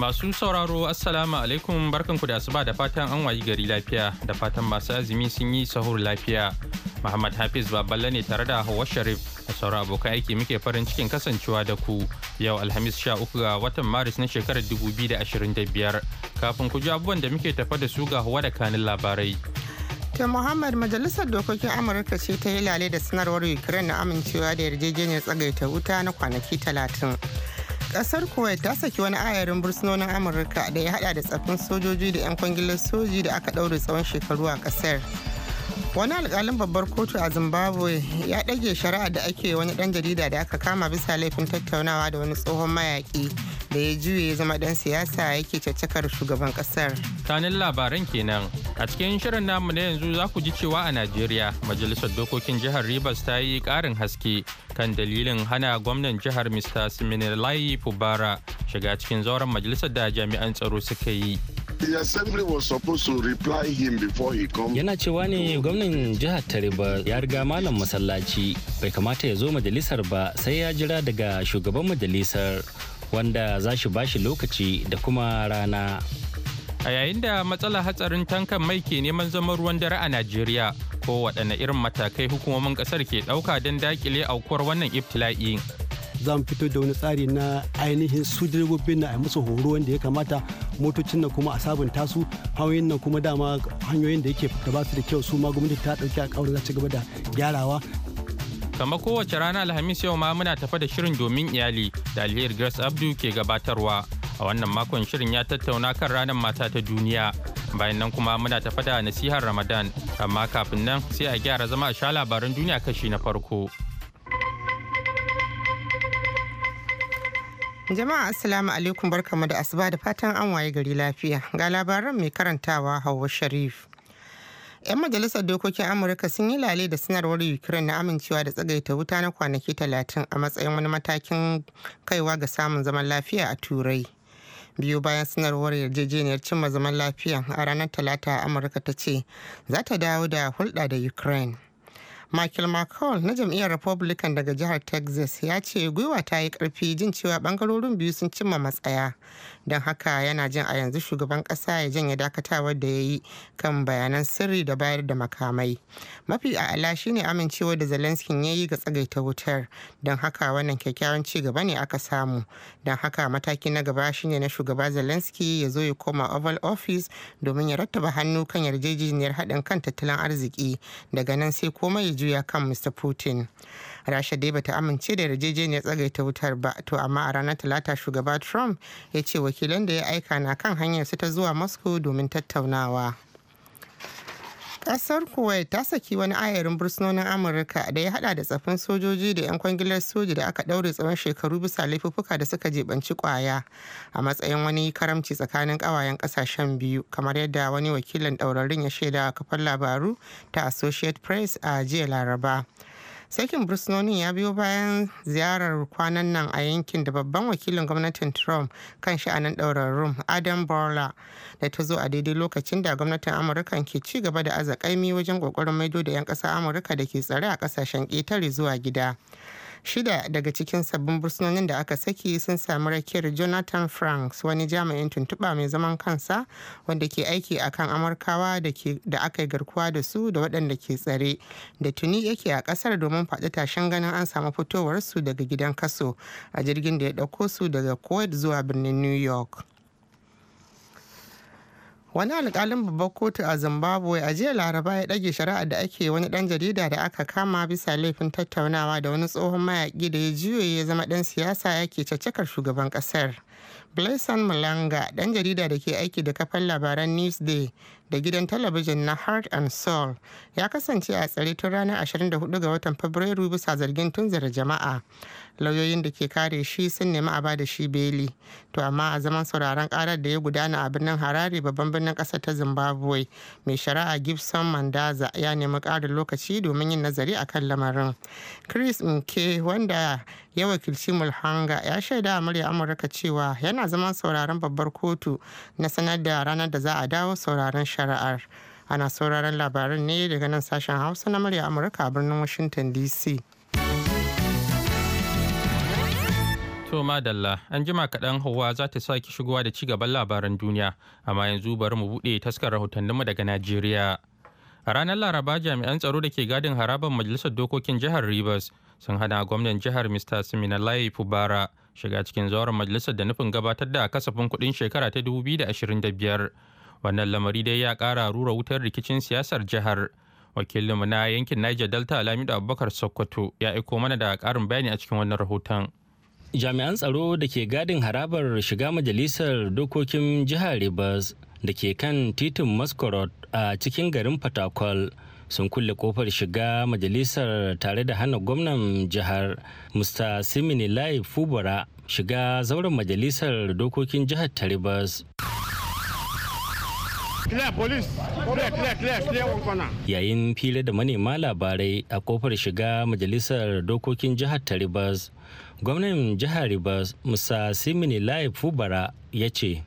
Masu sauraro Assalamu alaikum barkan ku da asuba da fatan an wayi gari lafiya da fatan masu azumi sun yi sahur lafiya. Muhammad Hafiz Baballe ne tare da Hawwa Sharif da sauran abokan aiki muke farin cikin kasancewa da ku yau Alhamis 13 ga watan Maris na shekarar 2025 kafin ku ji abubuwan da muke tafa da su ga Hawwa da kanin labarai. ta Muhammad Majalisar Dokokin Amurka ce ta yi lale da sanarwar Ukraine na amincewa da yarjejeniyar tsagaita wuta na kwanaki talatin. kasar kuwait ta saki wani ayarin bursunonin amurka da ya hada da tsaffin sojoji da 'yan kwangilar soji da aka daure tsawon shekaru a kasar wani alkalin babbar kotu a zimbabwe ya dage shari'a da ake wani dan jarida da aka kama bisa laifin tattaunawa da wani tsohon mayaki. da ya juye ya zama dan siyasa yake caccakar shugaban kasar. Kanin labaran kenan a cikin shirin namu na yanzu za ku ji cewa a Najeriya majalisar dokokin jihar Rivers ta yi karin haske kan dalilin hana gwamnan jihar Mr. Siminalayi Fubara shiga cikin zauren majalisar da jami'an tsaro suka yi. Yana cewa ne gwamnan jihar Tariba ya riga malam masallaci bai kamata ya zo majalisar ba sai ya jira daga shugaban majalisar wanda za shi bashi lokaci da kuma rana. A yayin da matsalar hatsarin tankan mai ke neman zama ruwan dare a Najeriya, ko waɗanne irin matakai hukumomin ƙasar ke ɗauka don daƙile aukuwar wannan iftila'i. za mu fito da wani tsari na ainihin su direbobin na a musu horo wanda ya kamata motocin nan kuma a sabunta su hanyoyin nan kuma dama hanyoyin da yake da ba su da kyau su ma gwamnati ta ɗauki ƙaura za ta gaba da gyarawa Kama kowace rana Alhamis yau ma muna tafa da shirin domin iyali da alheri Grace Abdu ke gabatarwa. A wannan makon shirin ya tattauna kan ranar mata ta duniya. Bayan nan kuma muna tafa da nasihar Ramadan, amma kafin nan sai a gyara zama a sha labaran duniya kashi na farko. Jama'a Assalamu alaikum barkamu da asuba da fatan an waye gari lafiya. Ga labaran mai karantawa Hauwa Sharif. 'Yan majalisar dokokin Amurka sun yi lale da sanarwar Ukraine na amincewa da tsagaita wuta na kwanaki talatin a matsayin wani matakin kaiwa ga samun zaman lafiya a Turai. biyu bayan sanarwar yarjejeniyar cimma zaman lafiya a ranar talata amurka ta ce za ta dawo da hulɗa da ukraine michael mccall na jam'iyyar republican daga jihar texas ya ce gwiwa ta yi karfi jin cewa bangarorin biyu sun cimma matsaya don haka yana jin a yanzu shugaban kasa ya janye dakatawar da ya yi kan bayanan sirri da bayar da makamai mafi a shi shine amincewa da zelenskin ya yi ga tsagaita wutar don haka wannan kyakkyawan ci gaba ne aka samu don haka mataki na gaba shine na shugaba zelenski ya zo ya koma oval office domin ya rattaba hannu kan yarjejeniyar haɗin kan tattalin arziki daga nan sai komai juya kan mr putin rasha dai bata amince da yarjejeniyar tsagaita wutar ba to amma a ranar talata shugaba trump ya ce wakilan da ya aika na kan hanyar su ta zuwa moscow domin tattaunawa Kasar Kuwait ta saki wani ayarin bursunonin Amurka da ya hada da tsafin sojoji da 'yan kwangilar soji da aka daure tsawon shekaru bisa laifuffuka da suka jebanci kwaya a matsayin wani karamci tsakanin kawayen kasashen biyu kamar yadda wani wakilin daurarin ya shaida kafar labaru ta Associate Press a jiya Laraba. sakin bursunonin ya biyo bayan ziyarar kwanan nan a yankin da babban wakilin gwamnatin trump kan sha'anin ɗaurar rum adam borla da ta zo a daidai lokacin da gwamnatin amurka ke ci gaba da azakaimi wajen ƙoƙarin maido da 'yan ƙasa amurka da ke tsare a ƙasashen ƙetare zuwa gida shida daga cikin sabbin bursunonin da aka saki sun sami rakiyar jonathan franks wani jami'in tuntuɓa mai zaman kansa wanda ke aiki a kan amurkawa da aka yi garkuwa da su da waɗanda ke tsare da tuni yake a ƙasar domin faɗi tashin ganin an samu fitowarsu daga gidan kaso a jirgin da ya ɗauko su daga kuwait zuwa birnin new york wani alkalin babbar kotu a zimbabwe a jiya laraba ya ɗage shari'a da ake wani ɗan jarida da aka kama bisa laifin tattaunawa da wani tsohon mayaƙi da ya jiyo ya zama ɗan siyasa yake caccakar shugaban ƙasar blaison malanga ɗan jarida da ke aiki da kafin labaran newsday da gidan talabijin na Heart and Soul ya kasance a tsare tun ranar 24 ga watan Fabrairu bisa zargin tunzara jama'a. Lauyoyin da ke kare shi sun nemi a ba da shi beli. To amma a zaman sauraron karar da ya gudana a birnin Harare babban birnin ƙasar ta Zimbabwe mai shari'a Gibson Mandaza ya nemi ƙarin lokaci domin yin nazari akan lamarin. Chris Mke wanda ya wakilci mulhanga ya shaida a murya amurka cewa yana zaman sauraron babbar kotu na sanar da ranar da za a dawo sauraron shari'ar ana sauraron labaran ne daga nan sashen hausa na murya amurka a birnin washington dc To madalla an jima kaɗan hauwa za ta sake shigowa da cigaban labaran duniya amma yanzu bari mu buɗe taskar rahotanninmu daga Najeriya. A ranar Laraba jami'an tsaro da ke gadin harabar Majalisar Dokokin Jihar Rivers sun hana gwamnan jihar mr siminalayi fubara shiga cikin zauren majalisar da nufin gabatar da kasafin kudin shekara ta 2025 wannan lamari dai ya kara rura wutar rikicin siyasar jihar wakilinmu na yankin niger delta lamido abubakar sokoto ya aiko mana da karin bayani a cikin wannan rahoton jami'an tsaro da ke gadin harabar shiga majalisar dokokin jihar rivers da ke kan titin maskorot a cikin garin fatakwal sun kulle kofar shiga majalisar tare da hana gwamnan jihar mr simini lai fubara shiga zauren majalisar dokokin jihar taribas yayin fili da manema labarai a kofar shiga majalisar dokokin jihar Taribas gwamnan jihar ribas musa simini lai fubara ya ce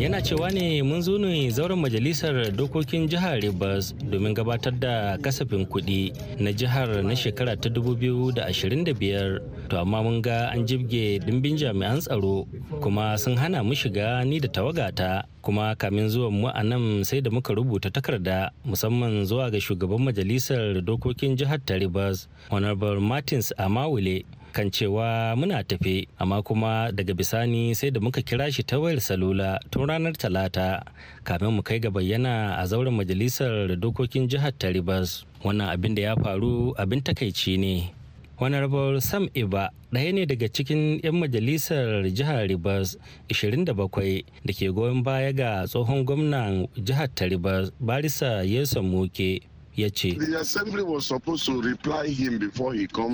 yana cewa ne mun zo ne zauren majalisar dokokin jihar rivers domin gabatar da kasafin kuɗi na jihar na shekara ta 2025 to amma mun ga an jibge dimbin jami'an tsaro kuma sun hana mu shiga ni da tawagata kuma kamin zuwa mu a nan sai da muka rubuta takarda musamman zuwa ga shugaban majalisar dokokin jihar ta rivers honorable martins amawule kan cewa muna tafe amma kuma daga bisani sai da muka kira shi ta wayar salula tun ranar talata kafin mu kai ga bayyana a zauren majalisar dokokin jihar Taribas. wannan abin da ya faru abin takaici ne honorable sam iba ɗaya ne daga cikin 'yan majalisar jihar ribas 27 da ke goyon baya ga tsohon gwamnan jihar ta barisa yeso muke ya ce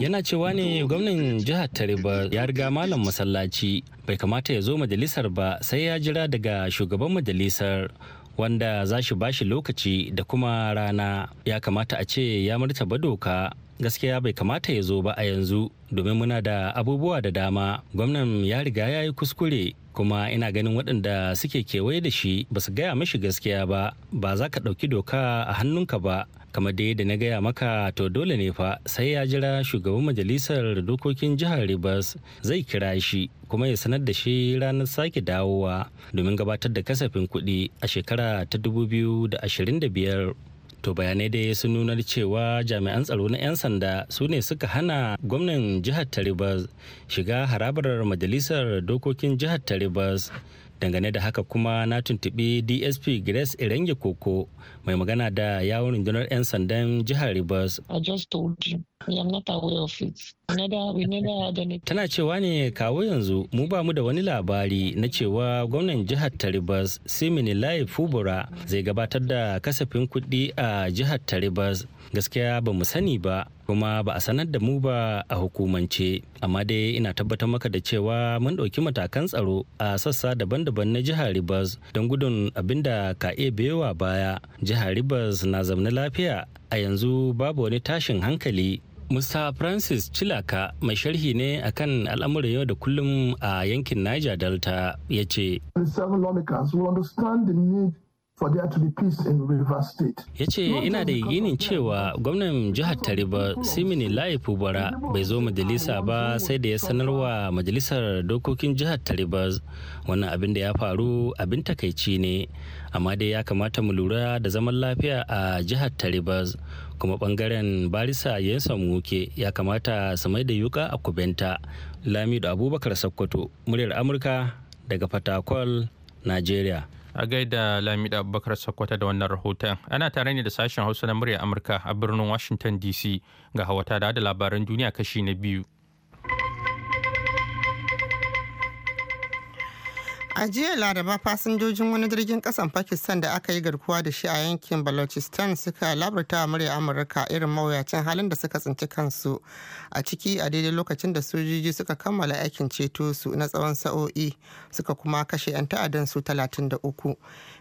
yana cewa ne gwamnan jihar tariba ya riga malam masallaci bai kamata ya zo majalisar ba sai ya jira daga shugaban majalisar wanda za shi bashi lokaci da kuma rana ya kamata a ce ya martaba doka gaskiya bai kamata ya zo ba a yanzu domin muna da abubuwa da dama gwamnan ya riga ya yi kuskure kuma ina ganin waɗanda suke kewaye da shi ba su gaya mashi gaskiya ba ba za ka ɗauki doka a hannunka ba kamar da na gaya maka to dole ne fa sai ya jira shugaban majalisar dokokin jihar ribas zai kira shi kuma ya sanar da shi ranar sake dawowa domin gabatar da kasafin kuɗi a shekara ta 2025 to bayanai dai sun nunar cewa jami'an tsaro na 'yan sanda su ne suka hana gwamnan jihar taribas shiga harabar majalisar dokokin jihar taribas dangane da haka kuma na tuntubi dsp grace irenge koko mai magana da yawon rundunar 'yan sandan jihar rivers tana cewa ne kawo yanzu mu ba mu da wani labari na cewa gwamnan jihar ta rivers simini lai fubura zai gabatar da kasafin kuɗi a jihar ta rivers gaskiya ba mu sani ba kuma ba a sanar da mu ba a hukumance amma dai ina tabbatar maka da cewa mun ɗauki matakan tsaro a sassa daban-daban na jihar Ribas don gudun abin da ka iya biyowa baya jihar Ribas na zaune lafiya a yanzu babu wani tashin hankali musa Francis Chilaka mai sharhi ne akan al'amuran yau da kullum a yankin Niger Delta ya ce. Ya ce ina da yakinin cewa gwamnan jihar Tariba Simini layi Fubara bai zo majalisa ba sai da ya sanarwa majalisar dokokin jihar Tariba wannan abin da ya faru abin takaici ne amma dai ya kamata mu lura da zaman lafiya a jihar Tariba kuma bangaren barisa yansa Muke ya kamata su mai da yuka a kubenta. Lamido Abubakar Sokoto muryar Amurka daga Fatakwal, nigeria. a gaida lamida abubakar sakwata da wannan rahoton ana tare ne da sashen hausa na murya amurka a birnin washington dc ga hawata da labaran duniya kashi na biyu a jiya laraba fasinjojin wani jirgin kasan pakistan da aka yi garkuwa da shi a yankin balochistan suka labarta murya amurka irin mawuyacin halin da suka tsinci kansu a ciki a daidai lokacin da sojoji suka kammala aikin ceto su na tsawon sa'o'i suka kuma kashe 'yan ta'addan su 33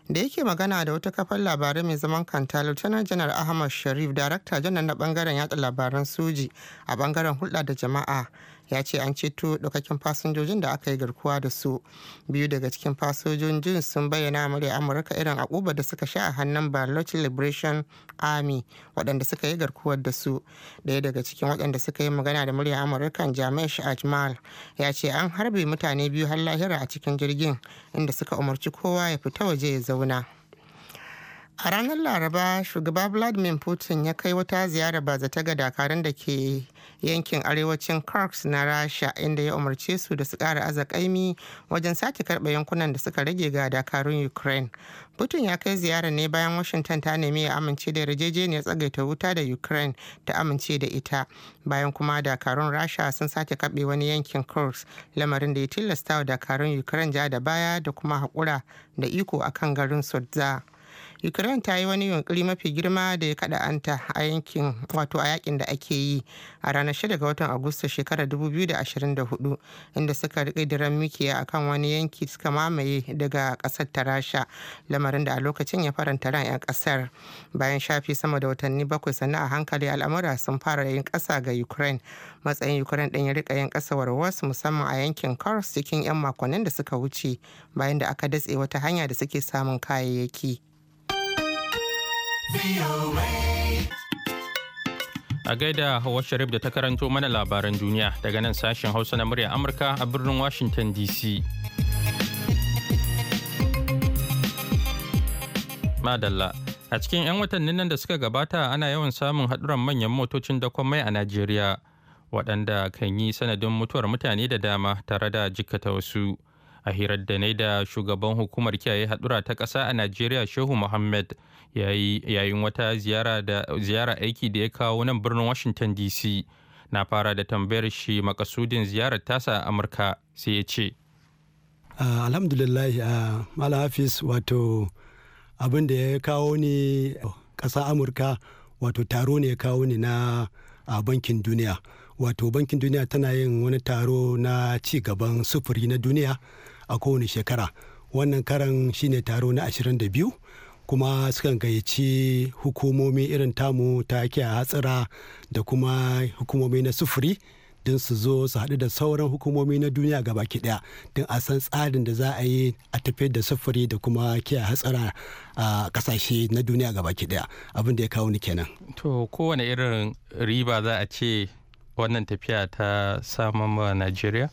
da yake magana da wata kafar labarai mai zaman kanta lieutenant janar ahmad sharif darakta janar na bangaren yada labaran soji a bangaren hulɗa da jama'a ya ce an ceto ɗaukakin fasinjojin da aka yi garkuwa da su biyu daga cikin fasinjojin sun bayyana murya amurka irin akubar da suka sha a hannun baloch liberation army waɗanda suka yi garkuwar da su ɗaya daga cikin waɗanda suka yi magana da murya amurka jamesh ajmal ya ce an harbe mutane biyu har lahira a cikin jirgin inda suka umarci kowa ya fita waje ya zauna A ranar Laraba, shugaba Vladimir Putin ya kai wata ziyara ba zata ga dakarun da ke yankin arewacin Kirk na Rasha inda ya umarce su da su kara azakaimi wajen sake karɓa yankunan da suka rage ga dakarun Ukraine. Putin ya kai ziyara ne bayan Washington ta nemi ya amince da yarjejeniyar tsagaita wuta da Ukraine ta amince da ita. Bayan kuma dakarun Rasha sun sake kaɓe wani yankin Kursk lamarin da ya tilasta wa dakarun Ukraine ja da baya da kuma haƙura da iko akan garin Sudza. ukraine ta yi wani yunkuri mafi girma da ya kada anta a yankin wato a yakin da ake yi a ranar 6 ga watan agusta shekarar 2024 inda suka rike diran mikiya kan wani yanki suka mamaye daga ƙasar ta rasha lamarin da a lokacin ya faranta ran 'yan kasar bayan shafi sama da watanni bakwai sannan a hankali al'amura sun fara yin kasa ga ukraine matsayin ukraine din ya rika yin kasa warwas musamman a yankin kars cikin 'yan makonnin da suka wuce bayan da aka datse wata hanya da suke samun kayayyaki. A gaida hawa Sharif da ta karanto mana labaran duniya daga nan sashen Hausa na murya Amurka a birnin Washington DC. Madalla. A cikin 'yan watannin nan da suka gabata ana yawan samun haɗuran manyan motocin dakon mai a Najeriya waɗanda kan yi sanadin mutuwar mutane da dama tare da jikata wasu. A hirar da ne da shugaban hukumar kiyaye haɗura ta ƙasa a Najeriya Shehu Muhammad yayin wata ziyara aiki da ya kawo nan birnin Washington DC na fara da tambayar shi makasudin ziyarar tasa a Amurka sai ya ce Uh, alhamdulillah uh, wato abin da ya kawo ni ƙasa amurka wato taro ne ya kawo ni na a bankin duniya wato bankin duniya tana yin wani taro na ci gaban sufuri na duniya a kowane shekara wannan karan shine taro na 22 kuma sukan gayyaci hukumomi irin tamu ta ake a hatsira da kuma hukumomi na sufuri don su zo su haɗu da sauran hukumomi na duniya gaba ki ɗaya don a san tsarin da za a yi a tafi da sufuri da kuma kiyaye hatsara a ƙasashe na duniya gaba ki ɗaya abin da ya kawo ni kenan. to kowane irin riba za a ce wannan tafiya ta samun ma najeriya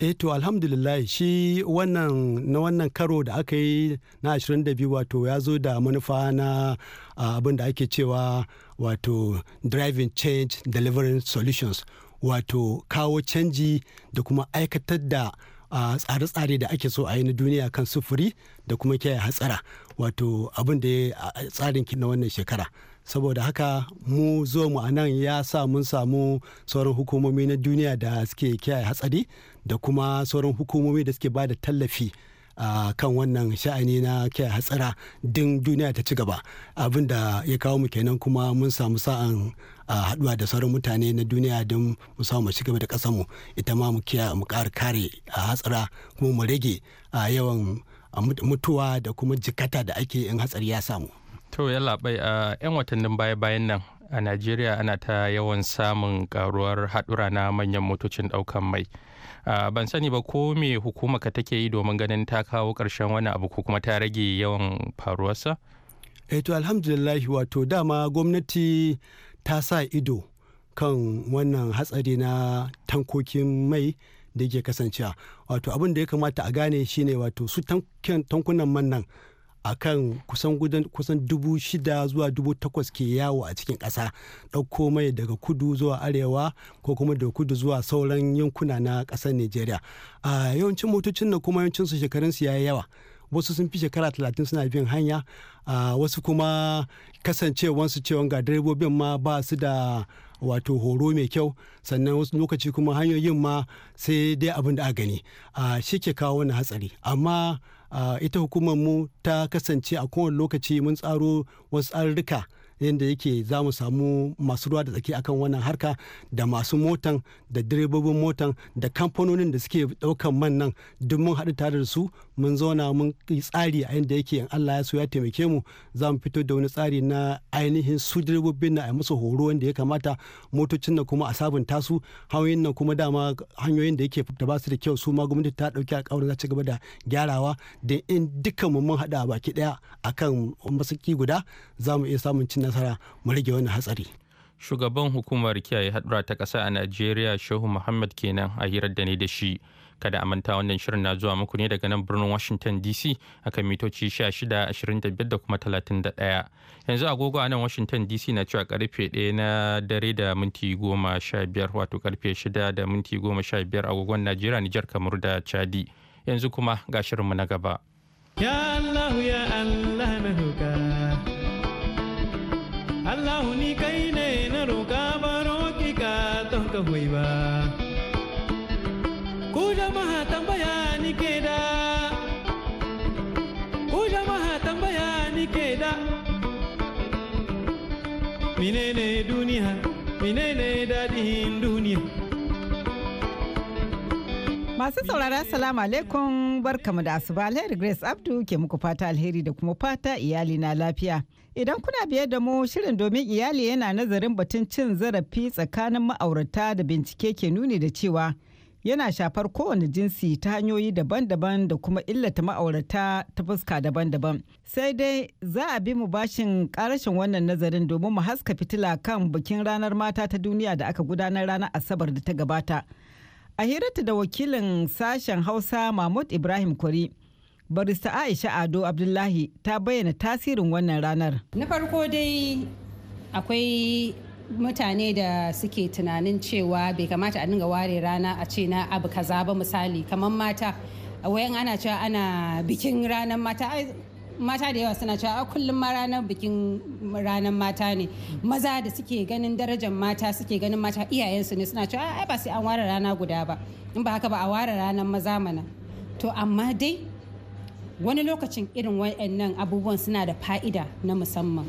eh to alhamdulillah shi wannan na wannan karo da aka yi na 22 wato ya zo da manufa na abin da ake cewa wato driving change delivering solutions wato kawo canji da kuma aikatar da tsare-tsare da ake so a yi na duniya kan sufuri da kuma kiyaye hatsara wato abin da ya tsarin na wannan shekara saboda haka mu zo mu a nan ya sa mun samu sauran hukumomi na duniya da suke kiyaye hatsari da kuma sauran hukumomi da suke bada tallafi a kan wannan sha'ani na ke hatsara din duniya ta ci gaba abin da ya kawo mu kenan kuma mun samu sa'an haɗuwa da sauran mutane na duniya don mu samu mu ci gaba da kasanmu ita ma mu kiyaye mu kare a hatsara kuma mu rage a yawan mutuwa da kuma jikata da ake in hatsari ya samu. To yalla bai a 'yan watannin baya-bayan nan a Najeriya ana ta yawan samun karuwar hadura na manyan motocin daukan mai. ban sani ba ko me hukumar ka take yi domin ganin ta kawo ƙarshen wani abu ko kuma ta rage yawan faruwarsa eh to alhamdulillah wato dama gwamnati ta sa ido kan wannan hatsari na tankokin mai da ke kasancewa wato abin da ya kamata a gane shine wato su tankunan man nan akan kusan gudan kusan dubu shida zuwa dubu takwas ke yawo a cikin ƙasa ɗauko mai daga kudu zuwa arewa ko kuma daga kudu zuwa sauran yankuna na ƙasar nigeria a yawancin motocin na kuma yawancin su shekarun su yayi yawa wasu sun fi shekara talatin suna bin hanya a wasu kuma kasancewansu cewa ga direbobin ma ba su da wato horo mai kyau sannan wasu lokaci kuma hanyoyin ma sai dai abin da a gani a shi ke kawo wani hatsari amma ita hukumar mu ta kasance a kowane lokaci mun tsaro wasu tsarurruka yadda yake za mu samu masu ruwa da tsaki akan wannan harka da masu motan da direbobin motan da kamfanonin da suke daukan man nan duk mun haɗu tare da su mun zauna mun tsari a yadda yake in Allah ya so ya taimake mu za mu fito da wani tsari na ainihin su direbobin na a musu horo wanda ya kamata motocin nan kuma a sabunta su hanyoyin nan kuma dama hanyoyin da yake da ba su da kyau su ma gwamnati ta dauki alƙawarin za ta gaba da gyarawa da in dukkan mun haɗa baki daya akan masaki guda za mu iya samun cin nasara mu rage wani hatsari shugaban hukumar kiyaye hadura ta ƙasa a najeriya shehu muhammad kenan a hirar da ne da shi kada a manta wannan shirin na zuwa muku ne daga nan birnin washington dc a kan mitoci 1625 da kuma 31 yanzu agogo a nan washington dc na cewa karfe 1 na dare da minti 15 wato karfe 6 da minti 15 agogon najeriya nijar kamar da chadi yanzu kuma ga shirinmu na gaba ya allah ya allah na Allahu ni kai ne na roƙa baro ki ka don ka hoyi ba. Ku jama'a tambaya ni ke da, ku jama'a tambaya ni ke da. Mine ne duniya, mine ne daɗin duniya. Masu saurara salamu alaikum barkamu da asuba alheri Grace Abdu ke muku fata alheri da kuma fata iyali na lafiya. Idan kuna biye da mu shirin domin iyali yana nazarin batun cin zarafi tsakanin ma'aurata da bincike ke nuni da cewa yana shafar kowane jinsi ta hanyoyi daban-daban da kuma illata ma'aurata ta fuska daban-daban. Sai dai za a bi mu bashin karashin wannan nazarin domin mu haska fitila kan bikin ranar mata ta duniya da aka gudanar ranar Asabar da ta gabata. a hirarta da wakilin sashen hausa mahmud ibrahim kwari barista aisha ado abdullahi ta bayyana tasirin wannan ranar na farko dai akwai mutane da suke tunanin cewa bai kamata a dinga ware rana a ce na abu kaza ba misali kamar mata wayan ana cewa ana bikin ranar mata mata da yawa suna cewa a kullum ma ranar bikin ranar mata ne maza da suke ganin darajar mata suke ganin mata iyayensu ne suna cewa ai ba sai an ware rana guda ba in ba haka ba a ware ranar maza mana to amma dai wani lokacin irin wayannan abubuwan suna da fa'ida na musamman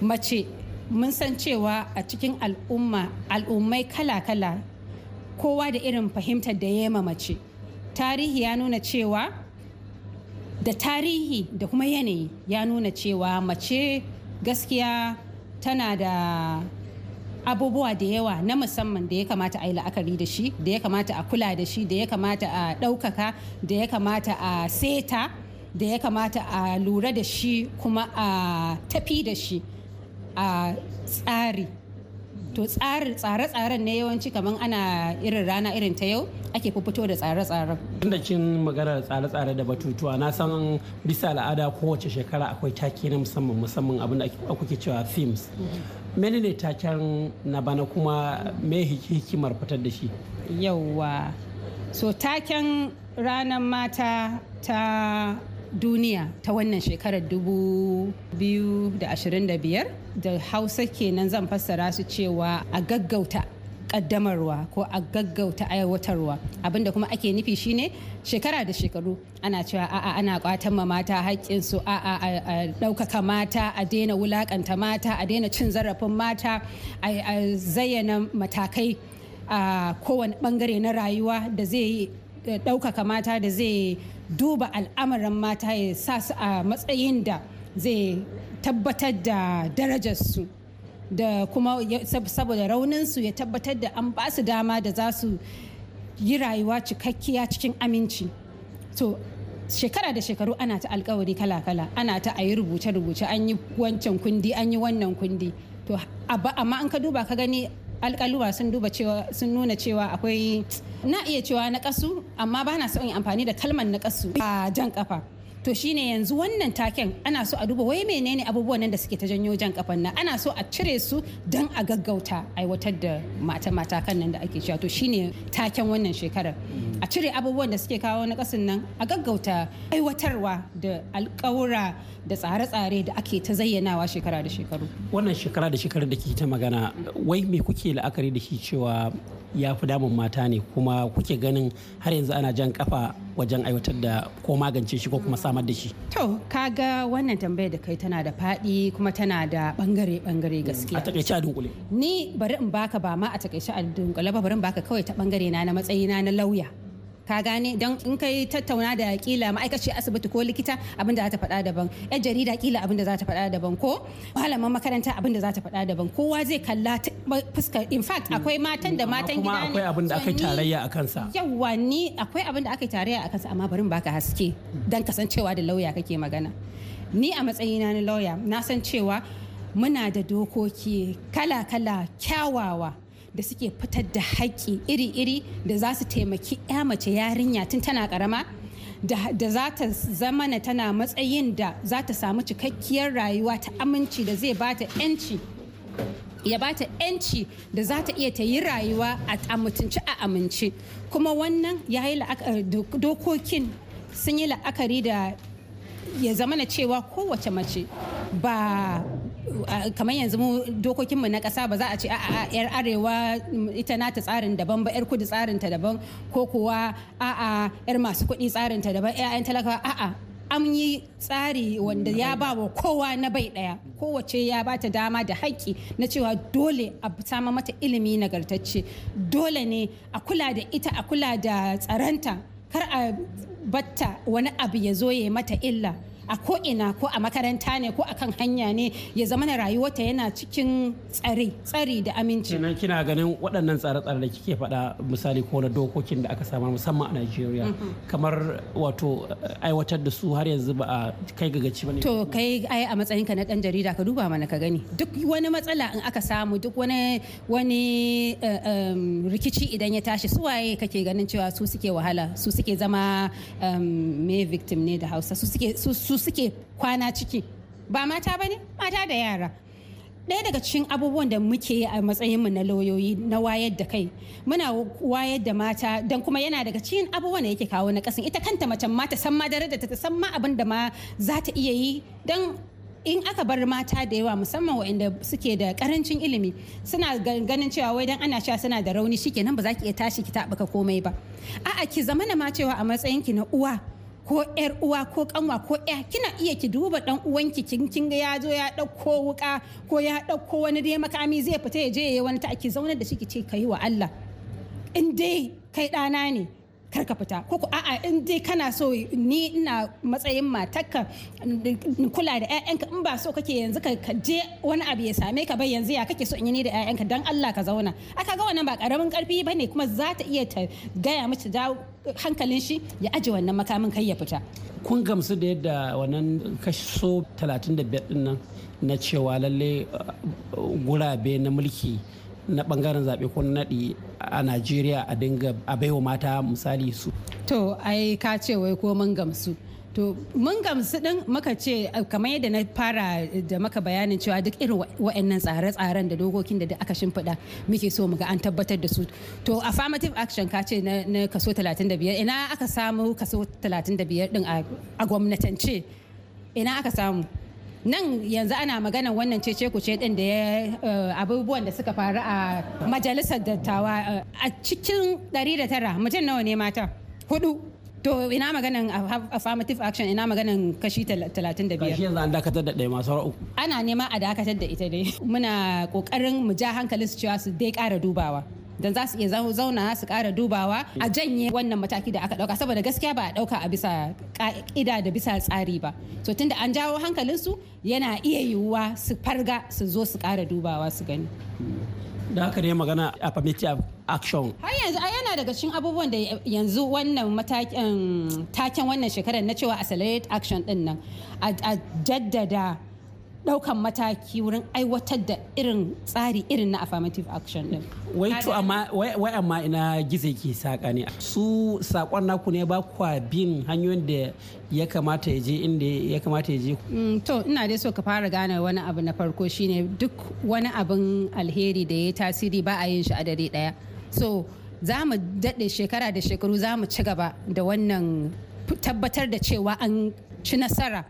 mace mun san cewa a cikin al'umma al'ummai kala-kala kowa da irin fahimtar da ya mace tarihi ya nuna cewa da tarihi da kuma yanayi ya nuna cewa mace gaskiya tana da abubuwa da yawa na musamman da ya kamata a yi la'akari da shi da ya kamata a kula da shi da ya kamata a ɗaukaka da ya kamata a seta da ya kamata a lura da shi kuma a tafi da shi a tsari to tsare-tsaren ne yawanci kamar ana irin rana irin ta yau ake fito da tsare-tsaren. Tunda kin da tsare-tsare da batutuwa na san bisa al'ada kowace shekara akwai take na musamman musamman abin da kuke cewa films. Mene ne taken na bana kuma me hikimar fitar da shi? Yawwa. So taken ranar mata ta duniya ta wannan shekarar 2025 da hausa kenan zan fassara su cewa a gaggauta kaddamarwa ko a gaggauta aiwatarwa abinda kuma ake nufi shine shekara da shekaru ana cewa a'a ana kwatan ma mata haƙƙinsu a'a a ɗaukaka mata a daina wulaƙanta mata a daina cin zarafin mata a zayyana matakai a kowane ɓangare na rayuwa da zai ɗaukaka mata da zai duba al'amuran mata ya sa su a matsayin da zai tabbatar da darajarsu da kuma saboda rauninsu ya tabbatar da an ba su dama da za su yi rayuwa cikakkiya cikin aminci to shekara da shekaru ana ta alkawari kala-kala ana ta a yi rubuce-rubuce an yi wancan kundi an yi wannan kundi to amma an ka duba ka gani alkaluwa sun duba cewa sun nuna cewa akwai na iya cewa na kasu amma ba na son yi amfani da kalmar na kasu a jan kafa to shine yanzu wannan taken ana so a duba wai menene abubuwan nan da suke ta janyo jan kafan nan ana so a cire su dan a gaggauta aiwatar da mata matakan nan da ake cewa to shine taken wannan shekarar a cire abubuwan da suke kawo na kasin nan a gaggauta aiwatarwa da alkawura da tsare-tsare da ake ta zayyanawa shekara da shekaru wannan shekara da shekarar da ke ta magana wai me kuke la'akari da shi cewa ya fi damun mata ne kuma kuke ganin har yanzu ana jan kafa wajen aiwatar da ko magance shi ko kuma samar da shi to kaga wannan tambayar da kai tana da faɗi kuma tana da bangare bangare mm, gaskiya a takaice a dunkule ni bari in baka ba ma a takaice a dunkule ba bari in baka kawai ta bangare na na matsayina na lauya ka gane don in kai tattauna da kila ma'aikaci asibiti ko likita abin da za ta faɗa daban yan jarida kila abin da za ta faɗa daban ko malaman makaranta abin da za ta faɗa daban kowa zai kalla fuskar in fact mm. akwai matan da matan gida ne akwai abin da aka tarayya a kansa yawa ni akwai abin da aka tarayya a kansa amma barin baka haske dan kasancewa da lauya kake magana ni a matsayina na lauya na san cewa muna da dokoki kala-kala kyawawa da suke fitar da haƙƙi iri-iri da za su taimaki 'ya mace yarinya tun tana ƙarama da za ta zamana tana matsayin da za ta samu cikakkiyar rayuwa ta aminci da zai bata 'yanci ya bata 'yanci da za ta iya ta yi rayuwa a mutunci a aminci kuma wannan ya yi eh, dokokin sun yi la'akari da ya zamana cewa kowace mace ba kamar yanzu mu dokokinmu na ƙasa ba za a ce a yar arewa ita nata tsarin daban ba yar kudu tsarin ta daban ko kuwa a'a yar masu kuɗi tsarin ta daban 'ya'yan talakawa a'a an yi tsari wanda ya ba wa kowa na bai ɗaya kowace ya ba ta dama da haƙƙi na cewa dole a sama mata ilimi nagartacce dole ne a kula da ita a kula da tsaranta kar a batta wani abu ya zo ya mata illa a ko ina ko a makaranta ne ko kan hanya ne ya zama na rayuwarta yana cikin tsari tsari da aminci kenan kina ganin waɗannan tsare-tsare da kike faɗa misali ko na dokokin da aka samar musamman a Najeriya mm-hmm. kamar wato aiwatar da su har yanzu ba a kai ga gaci bane to kai ai a matsayin ka na dan jarida ka duba mana ka gani duk wani matsala in aka samu duk wani wani eh, rikici idan ya tashi su waye kake ganin cewa su suke wahala su suke zama me victim ne da Hausa su suke su suke kwana ciki ba mata ba ne mata da yara ɗaya daga cikin abubuwan da muke yi a matsayinmu na lauyoyi na wayar da kai muna wayar da mata don kuma yana daga cikin abubuwan da yake kawo na kasan ita kanta macen ma ta san ma da ta san ma abin da ma za ta iya yi don in aka bar mata da yawa musamman waɗanda suke da karancin ilimi suna ganin cewa wai dan ana sha suna da rauni nan ba za ki iya tashi ki ka komai ba a'a ki zamana ma cewa a matsayinki na uwa ko yar uwa ko kanwa ko ya kina iya ki duba dan uwanki kin kin ga ya zo ya dauko wuka ko ya dauko wani dai makami zai fita ya je ya wani ta ki zauna da shi ki ce kai wa Allah in dai kai dana ne kar ka fita ko a'a in dai kana so ni ina matsayin matarka kula da 'ya'yanka in ba so kake yanzu ka je wani abu ya same ka bai yanzu ya kake so in yi ni da 'ya'yanka dan Allah ka zauna aka ga wannan ba karamin karfi bane kuma za ta iya ta gaya mace da hankalin shi ya aje wannan makamin kai ya fita kun gamsu da yadda wannan so 35 din nan na cewa lalle uh, gurabe na mulki na bangaren zaɓe ko naɗi a najeriya a dinga a baiwa mata misali su to ai ka ce wai ko mun gamsu to mun gamsu din muka ce kamar yadda na fara da maka bayanin cewa duk irin wa'annan tsare-tsaren da dokokin da aka shimfiɗa muke so mu ga an tabbatar da su to affirmative action ka ce na kaso 35 ina aka samu kaso 35 din a gwamnatance ina aka samu nan yanzu ana magana wannan cece ce din da ya eh, abubuwan da suka faru a majalisar dattawa eh, a cikin 109 mutum nawa ne mata hudu to ina maganin affirmative action ina maganin kashi 35 kashi yanzu an dakatar da ɗaya masu ra'u ana nema a dakatar da ita dai muna kokarin mu ja hankalin su cewa su dai ƙara dubawa don za su iya zauna su ƙara dubawa a janye wannan mataki da aka ɗauka saboda gaskiya ba a ɗauka a bisa ƙa'ida da bisa tsari ba so tunda an jawo hankalinsu yana iya yiwuwa su farga su zo su ƙara dubawa su gani da haka ne magana a affirmative action har yanzu a yana daga cikin abubuwan da yanzu wannan matakin taken wannan shekarar na cewa accelerate action din nan a jaddada daukan mataki wurin aiwatar da irin tsari irin na affirmative action din. Wai to amma wai amma ina gize ke saka ne. Su sakon naku ne ba kwa bin hanyoyin da ya kamata ya je inda ya kamata ya je. Mm, to ina dai so ka fara gane wani abu na farko shine duk wani abin alheri da ya tasiri ba a yin shi a dare daya. So za mu daɗe shekara da shekaru za mu ci gaba da wannan tabbatar da cewa an ci nasara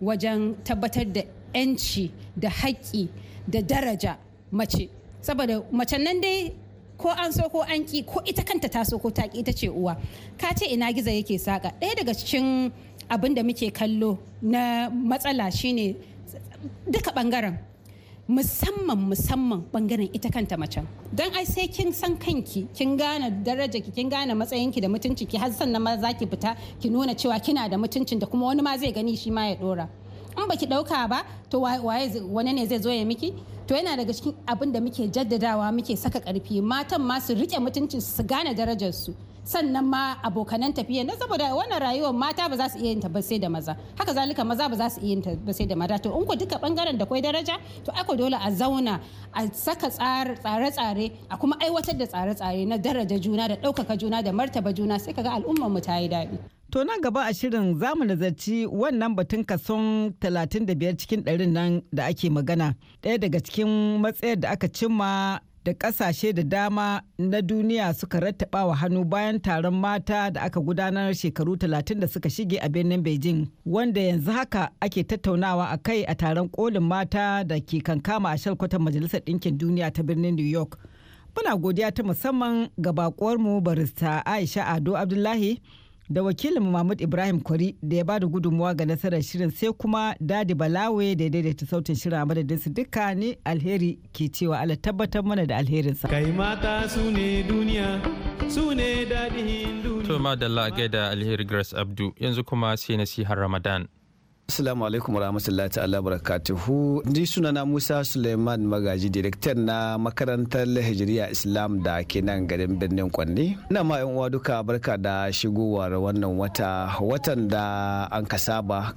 wajen tabbatar da 'yanci da haƙƙi da daraja mace saboda mace nan dai ko an so ko an ki ko ita kanta ta so ko ta ki ita ce uwa ka ce ina giza yake saka ɗaya daga cikin abin da muke kallo na matsala shine duka ɓangaren musamman musamman ɓangaren ita kanta macen don ai sai kin san kanki kin gane daraja ki kin gane matsayinki da mutunci ki har sannan ma za ki fita ki nuna cewa kina da mutuncin da kuma wani ma zai gani shi ma ya ɗora. in baki dauka ba to waye wani ne zai zo ya miki to yana daga cikin abin da muke jaddadawa muke saka karfi matan ma su rike mutuncin su gane darajar su sannan ma abokanan tafiya na saboda wannan rayuwar mata ba za su iya yin ba sai da maza haka zalika maza ba za su iya yin ba sai da mata to in ku duka bangaren da kwai daraja to ako dole a zauna a saka tsare-tsare a kuma aiwatar da tsare-tsare na daraja juna da ɗaukaka juna da martaba juna sai kaga al'ummar mu ta yi daɗi To nan gaba a shirin zamu nazarci wannan batun kason 35 cikin ɗarin nan da ake magana. Ɗaya daga cikin matsayar da aka cimma da ƙasashe da dama na duniya suka rattaba wa hannu bayan taron mata da aka gudanar shekaru 30 da suka shige a birnin Beijing, wanda yanzu haka ake tattaunawa a kai a taron kolin mata da ke kankama a shalkwatar Majalisar Ɗinkin Duniya ta birnin New York. Muna godiya ta musamman ga mu barista Aisha Ado Abdullahi. da wakilin Mahmud Ibrahim Kwari da ya bada gudunmuwa ga nasarar shirin sai kuma Dadi Balawe da daidaita sautin shirin a madadin su duka ne alheri ke cewa Allah tabbatar mana da alherin sa Kai mata su ne duniya su ne dadihin duniya. To madalla da alheri Grace Abdu yanzu kuma sai nasihar Ramadan. Assalamu alaikum warahmatullahi ta'ala barakatuhu. Ni sunana Musa Suleiman Magaji direktan na makarantar Hijriya Islam da ke nan garin birnin Kwanne. Ina ma yan uwa duka barka da shigowar wannan wata watan da an ka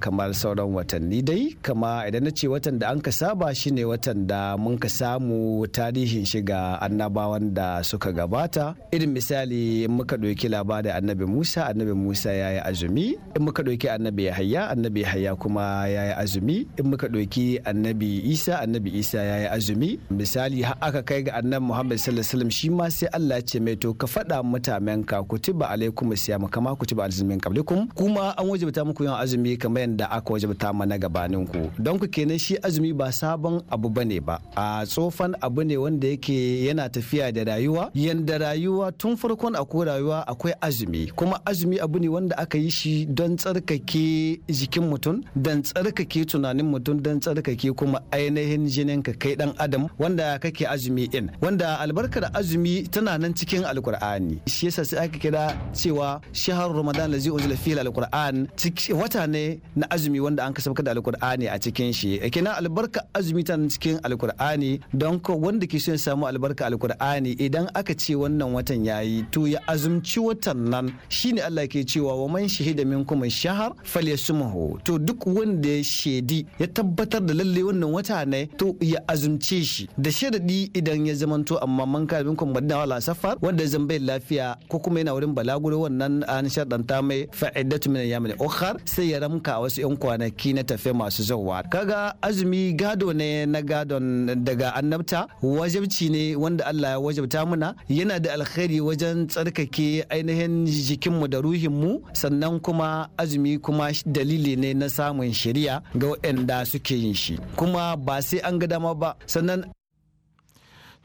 kamar sauran watanni dai kama idan na ce watan da an ka saba shine watan da mun ka samu tarihin shiga annabawan da suka gabata. Irin misali in muka ɗauki labarin annabi Musa, annabi Musa ya yi azumi, in muka ɗauki annabi Yahaya, annabi Yahaya kuma ya yi azumi in muka ɗauki annabi isa annabi isa ya yi azumi misali har aka kai ga annabi muhammad sallallahu alaihi wasallam shi ma sai allah ce mai to ka faɗa mutanen ka kutiba alaikum siyam kama kutiba alzumin qablikum kuma an wajibta muku yin azumi kamar yadda aka wajibta mana gabanin ku don ku kenan shi azumi ba sabon abu bane ba a tsofan abu ne wanda yake yana tafiya da rayuwa yanda rayuwa tun farkon akwai rayuwa akwai azumi kuma azumi abu ne wanda aka yi shi don tsarkake jikin mutum dan tsarkake tunanin mutum dan tsarkake kuma ainihin jinin ka kai dan adam wanda kake azumi in wanda albarkar azumi tana nan cikin alkur'ani shi yasa sai aka kira cewa shahar ramadan lazi unzila fil alkur'an wata ne na azumi wanda an kasabka da alkur'ani a cikin shi na albarka azumi tana cikin alkur'ani don ko wanda ke so samu albarka alkur'ani idan aka ce wannan watan yayi to ya azumci watan nan shine Allah ke cewa wa man shahida minkum shahar falyasumuhu to duk duk wanda ya shaidi ya tabbatar da lalle wannan wata ne to ya azumce shi da sharadi idan ya zamanto amma man ka kun badda wala safar wanda zan bai lafiya ko kuma yana wurin balaguro wannan an sharɗanta mai fa'idatu min ayyamin ukhar sai ya ramka wasu yan kwanaki na tafe masu zawa kaga azumi gado ne na gadon daga annabta wajibci ne wanda Allah ya wajabta muna yana da alkhairi wajen tsarkake ainihin jikinmu da ruhinmu sannan kuma azumi kuma dalili ne na sa samun shari'a ga waɗanda suke yin shi kuma ba sai an ga dama ba sannan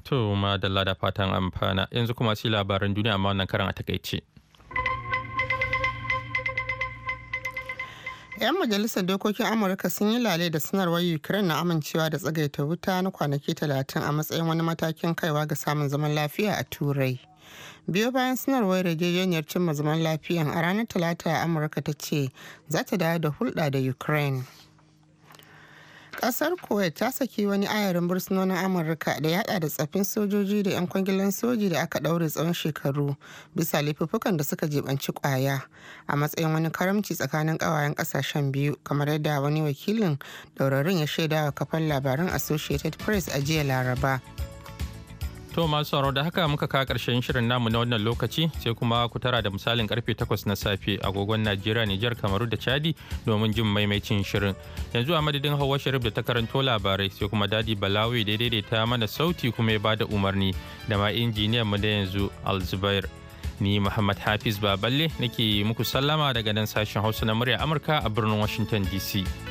to madalla da fatan amfana yanzu kuma sai labaran duniya amma wannan karan a takaice 'yan majalisar dokokin amurka sun yi lale da sanarwar ukraine na amincewa da tsagaita wuta na kwanaki 30 a matsayin wani matakin kaiwa ga samun zaman lafiya a turai biyo bayan sanarwar yarjejeniyar cimma zaman lafiyan a ranar talata amurka ta ce za ta dawo da hulɗa da ukraine Ƙasar kuwait ta saki wani ayarin bursunonin amurka da yada da tsaffin sojoji da 'yan kwangilan soji da aka daure tsawon shekaru bisa laifuffukan da suka jibanci kwaya a matsayin wani karamci tsakanin ƙawayen ƙasashen biyu kamar yadda wani wakilin daurarin ya shaidawa kafan labaran associated press a jiya laraba To masu sauraro da haka muka kawo karshen shirin namu na wannan lokaci sai kuma ku tara da misalin karfe 8 na safe agogon Najeriya Nijar Kamaru da Chadi domin jin maimaicin shirin. Yanzu a madadin Hauwa Sharif da ta karanto labarai sai kuma Dadi Balawi da daidaita mana sauti kuma ya ba da umarni da ma injiniyan mu da yanzu Alzubair. Ni Muhammad Hafiz Baballe nake muku sallama daga nan sashen Hausa na murya Amurka a birnin Washington DC.